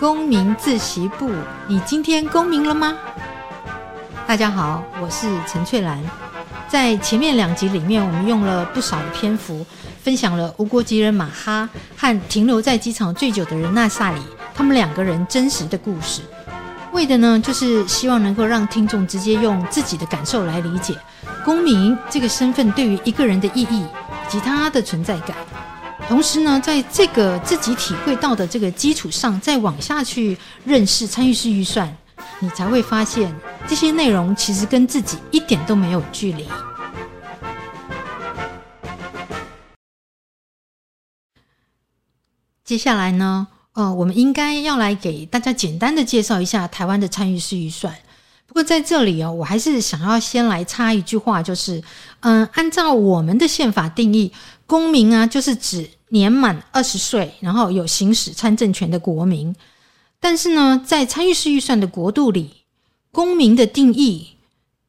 公民自習簿，你今天公民了嗎？大家好，我是陳翠蘭。在前面兩集裡面，我們用了不少的篇幅，分享了無國籍人馬哈和停留在機場最久的人納薩里，他們兩個人真實的故事，為的呢，就是希望能夠讓聽眾直接用自己的感受來理解公民這個身份對於一個人的意義以及他的存在感。同時呢，在這個自己體會到的這個基礎上，再往下去認識參與式預算，你才會發現這些內容其實跟自己一點都沒有距離。接下來呢，呃，我們應該要來給大家簡單的介紹一下台灣的參與式預算。不過在這裡哦，我還是想要先來插一句話，就是，嗯、呃，按照我們的憲法定義，公民啊，就是指。年滿二十歲，然後有行使參政權的國民。但是呢，在參與式預算的國度裡，公民的定義，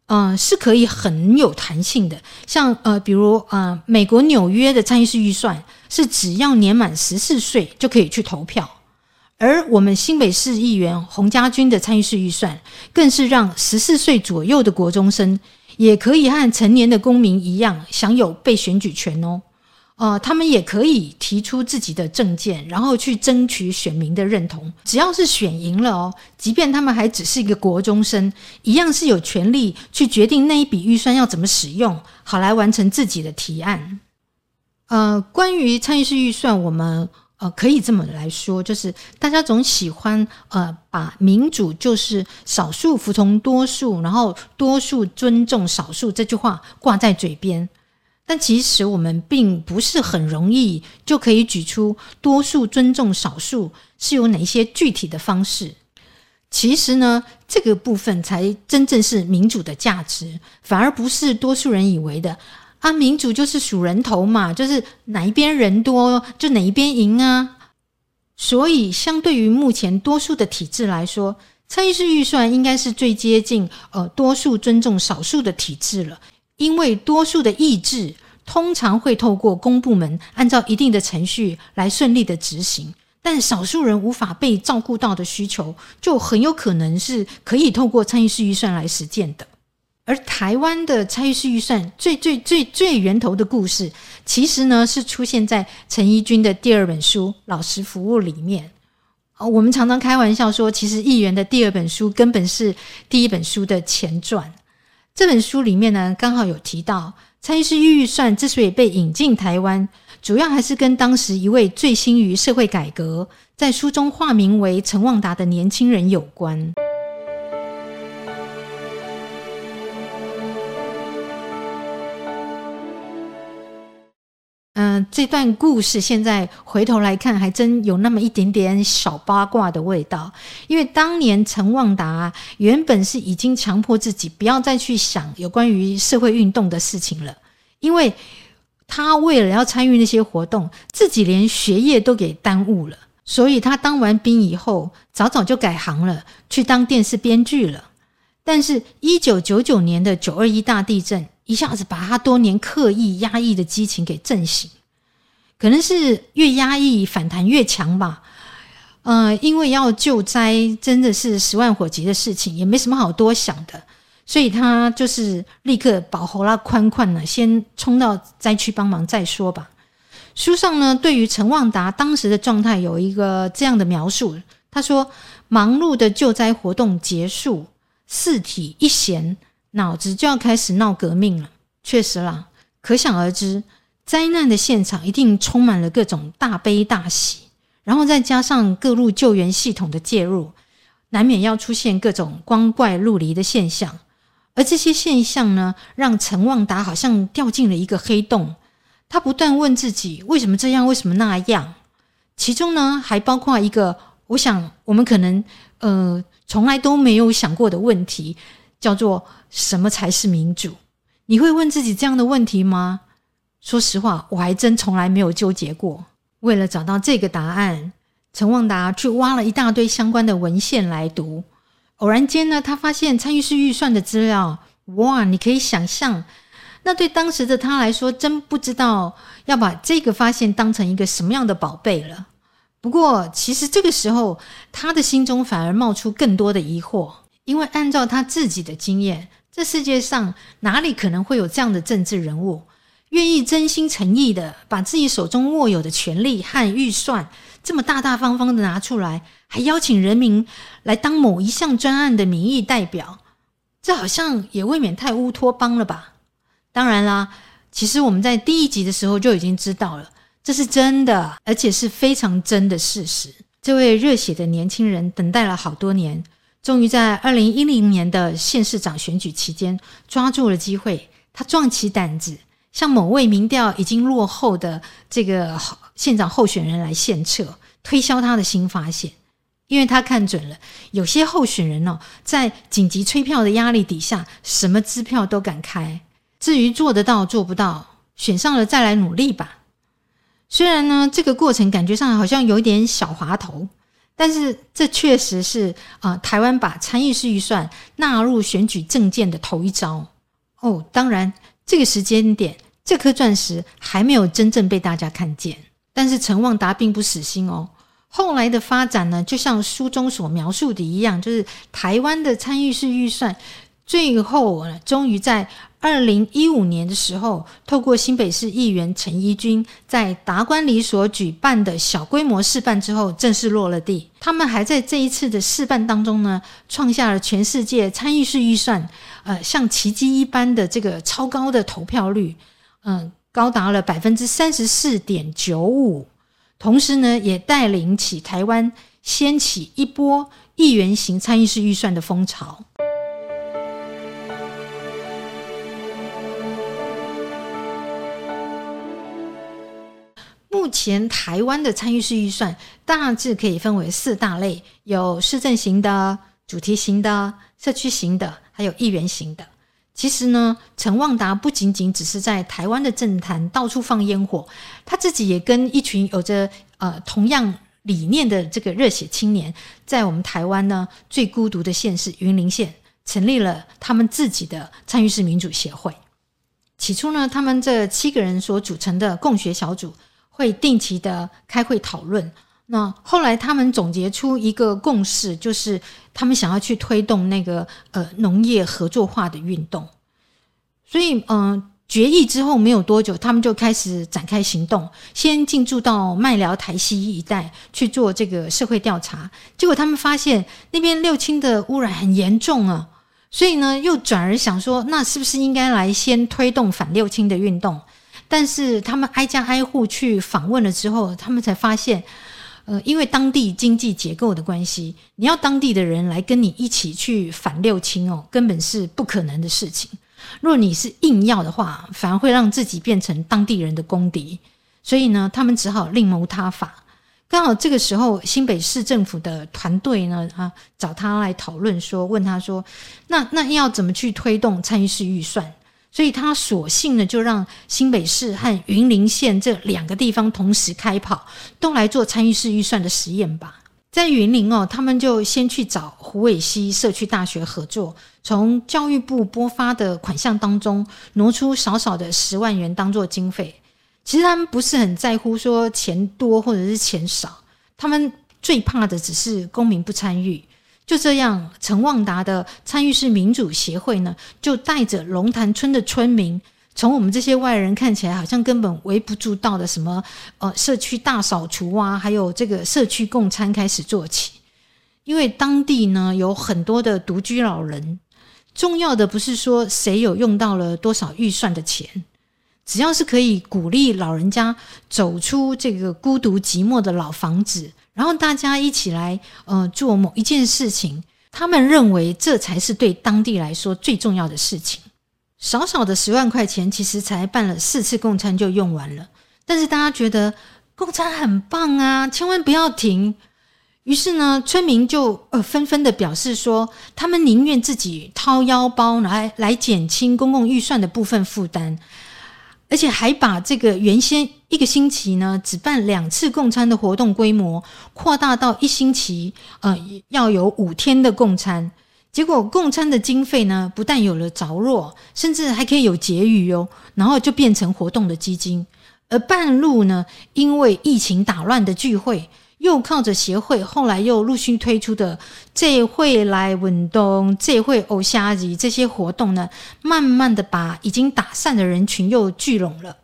嗯、呃，是可以很有彈性的。像呃，比如呃，美國紐約的參與式預算是只要年滿十四歲就可以去投票，而我們新北市議員洪家軍的參與式預算，更是讓十四歲左右的國中生也可以和成年的公民一樣享有被選舉權哦。呃，他們也可以提出自己的政見，然後去爭取選民的認同。只要是選贏了哦，即便他們還只是一個國中生，一樣是有權利去決定那一筆預算要怎麼使用，好來完成自己的提案。呃，關於參與式預算，我們呃可以這麼來說，就是大家總喜歡呃把民主就是少數服從多數，然後多數尊重少數這句話掛在嘴邊。但其實我們並不是很容易就可以舉出多數尊重少數是有哪些具體的方式。其實呢，這個部分才真正是民主的價值，反而不是多數人以為的啊，民主就是數人頭嘛，就是哪一邊人多就哪一邊贏啊。所以，相對於目前多數的體制來說，參與式預算應該是最接近呃多數尊重少數的體制了。因為多數的意志通常會透過公部門按照一定的程序來順利的執行，但少數人無法被照顧到的需求就很有可能是可以透過參與式預算來實踐的。而台灣的參與式預算最最最最源頭的故事，其實呢是出現在陳一君的第二本書《老師服務》裡面。我們常常開玩笑說，其實議員的第二本書根本是第一本書的前傳。這本書裡面呢，剛好有提到參與式預算之所以被引進台灣，主要還是跟當時一位醉心於社會改革，在書中化名為陳旺達的年輕人有關。這段故事現在回頭來看，還真有那麼一點點小八卦的味道。因為當年陳旺達原本是已經強迫自己不要再去想有關於社會運動的事情了，因為他為了要參與那些活動，自己連學業都給耽誤了。所以他當完兵以後，早早就改行了，去當電視編劇了。但是，一九九九年的九二一大地震一下子把他多年刻意壓抑的激情給震醒。可能是越壓抑反彈越強吧，嗯、呃，因為要救災真的是十萬火急的事情，也沒什麼好多想的，所以他就是立刻包袱款款呢，先衝到災區幫忙再說吧。書上呢，對於陳旺達當時的狀態有一個這樣的描述，他說：忙碌的救災活動結束，四體一閒，腦子就要開始鬧革命了。確實啦，可想而知。災難的現場一定充滿了各種大悲大喜，然後再加上各路救援系統的介入，難免要出現各種光怪陸離的現象。而這些現象呢，讓陳旺達好像掉進了一個黑洞。他不斷問自己：為什麼這樣？為什麼那樣？其中呢，還包括一個我想我們可能呃從來都沒有想過的問題，叫做什麼才是民主？你會問自己這樣的問題嗎？說實話，我還真從來沒有糾結過。為了找到這個答案，陳旺達去挖了一大堆相關的文獻來讀。偶然間呢，他發現參與式預算的資料。哇，你可以想象，那對當時的他來說，真不知道要把這個發現當成一個什麼樣的寶貝了。不過，其實這個時候，他的心中反而冒出更多的疑惑，因為按照他自己的經驗，這世界上哪裡可能會有這樣的政治人物？願意真心誠意的把自己手中握有的權力和預算這麼大大方方的拿出來，還邀請人民來當某一項專案的民意代表，這好像也未免太烏托邦了吧？當然啦，其實我們在第一集的時候就已經知道了，這是真的，而且是非常真的事實。這位熱血的年輕人等待了好多年，終於在二零一零年的縣市長選舉期間抓住了機會，他壯起膽子。像某位民調已經落後的這個縣長候選人來獻策，推銷他的新發現，因為他看準了有些候選人哦，在緊急催票的壓力底下，什麼支票都敢開。至於做得到做不到，選上了再來努力吧。雖然呢，這個過程感覺上好像有點小滑頭，但是這確實是啊、呃，台灣把參與式預算納入選舉政見的頭一招哦。當然。這個時間點，這顆鑽石還沒有真正被大家看見，但是陳旺達並不死心哦。後來的發展呢，就像書中所描述的一樣，就是台灣的參與式預算，最後終於在。二零一五年的時候，透過新北市議員陳怡君在達觀里所舉辦的小規模示範之後，正式落了地。他們還在這一次的示範當中呢，創下了全世界參與式預算，呃，像奇蹟一般的這個超高的投票率，嗯、呃，高達了百分之三十四點九五。同時呢，也帶領起台灣掀起一波議員型參與式預算的風潮。目前台灣的參與式預算大致可以分為四大類：有市政型的、主題型的、社區型的，還有議員型的。其實呢，陳旺達不僅僅只是在台灣的政壇到處放煙火，他自己也跟一群有着呃同樣理念的這個熱血青年，在我們台灣呢最孤獨的縣市雲林縣，成立了他們自己的參與式民主協會。起初呢，他們這七個人所組成的共學小組。會定期的開會討論。那後來他們總結出一個共識，就是他們想要去推動那個呃農業合作化的運動。所以，嗯、呃，決議之後沒有多久，他們就開始展開行動，先進駐到麥寮台西一帶去做這個社會調查。結果他們發現那邊六輕的污染很嚴重啊，所以呢，又轉而想說，那是不是應該來先推動反六輕的運動？但是他們挨家挨戶去訪問了之後，他們才發現，呃，因為當地經濟結構的關係，你要當地的人來跟你一起去反六輕哦，根本是不可能的事情。若你是硬要的話，反而會讓自己變成當地人的公敵。所以呢，他們只好另謀他法。剛好這個時候，新北市政府的團隊呢，啊，找他來討論，說，問他說，那那要怎麼去推動參與式預算？所以他索性呢，就讓新北市和雲林縣這兩個地方同時開跑，都來做參與式預算的實驗吧。在雲林哦，他們就先去找胡偉西社區大學合作，從教育部撥發的款項當中挪出少少的十萬元當做經費。其實他們不是很在乎說錢多或者是錢少，他們最怕的只是公民不參與。就這樣，陳旺達的參與式民主協會呢，就帶着龍潭村的村民，從我們這些外人看起來好像根本微不足道的什麼呃社區大掃除啊，還有這個社區共餐開始做起。因為當地呢有很多的獨居老人，重要的不是說誰有用到了多少預算的錢，只要是可以鼓勵老人家走出這個孤獨寂寞的老房子。然後大家一起來，呃，做某一件事情，他們認為這才是對當地來說最重要的事情。少少的十萬塊錢，其實才辦了四次共餐就用完了。但是大家覺得共餐很棒啊，千萬不要停。於是呢，村民就呃紛紛地表示說，他們寧願自己掏腰包來來減輕公共預算的部分負擔，而且還把這個原先。一個星期呢，只辦兩次共餐的活動規模擴大到一星期，呃，要有五天的共餐。結果共餐的經費呢，不但有了着落，甚至還可以有結餘哦。然後就變成活動的基金。而半路呢，因為疫情打亂的聚會，又靠着協會，後來又陸續推出的這會來穩東，這會偶夏吉這些活動呢，慢慢的把已經打散的人群又聚攏了。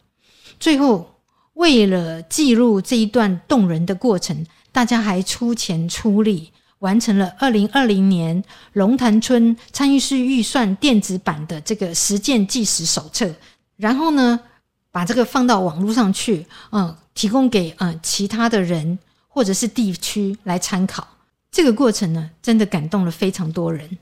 最後。為了記錄這一段動人的過程，大家還出錢出力，完成了二零二零年龍潭村參與式預算電子版的這個實踐紀實手冊，然後呢，把這個放到網絡上去，嗯、呃，提供給嗯、呃，其他的人或者是地區來參考。這個過程呢，真的感動了非常多人。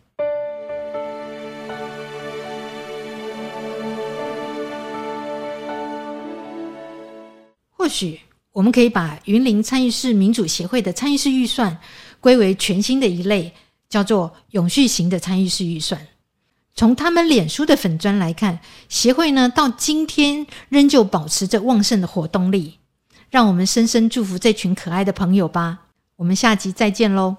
或許我們可以把雲林參與式民主協會的參與式預算歸為全新的一類，叫做永續型的參與式預算。從他們臉書的粉專來看，協會呢到今天仍舊保持着旺盛的活動力，讓我們深深祝福這群可愛的朋友吧。我們下集再見嘍。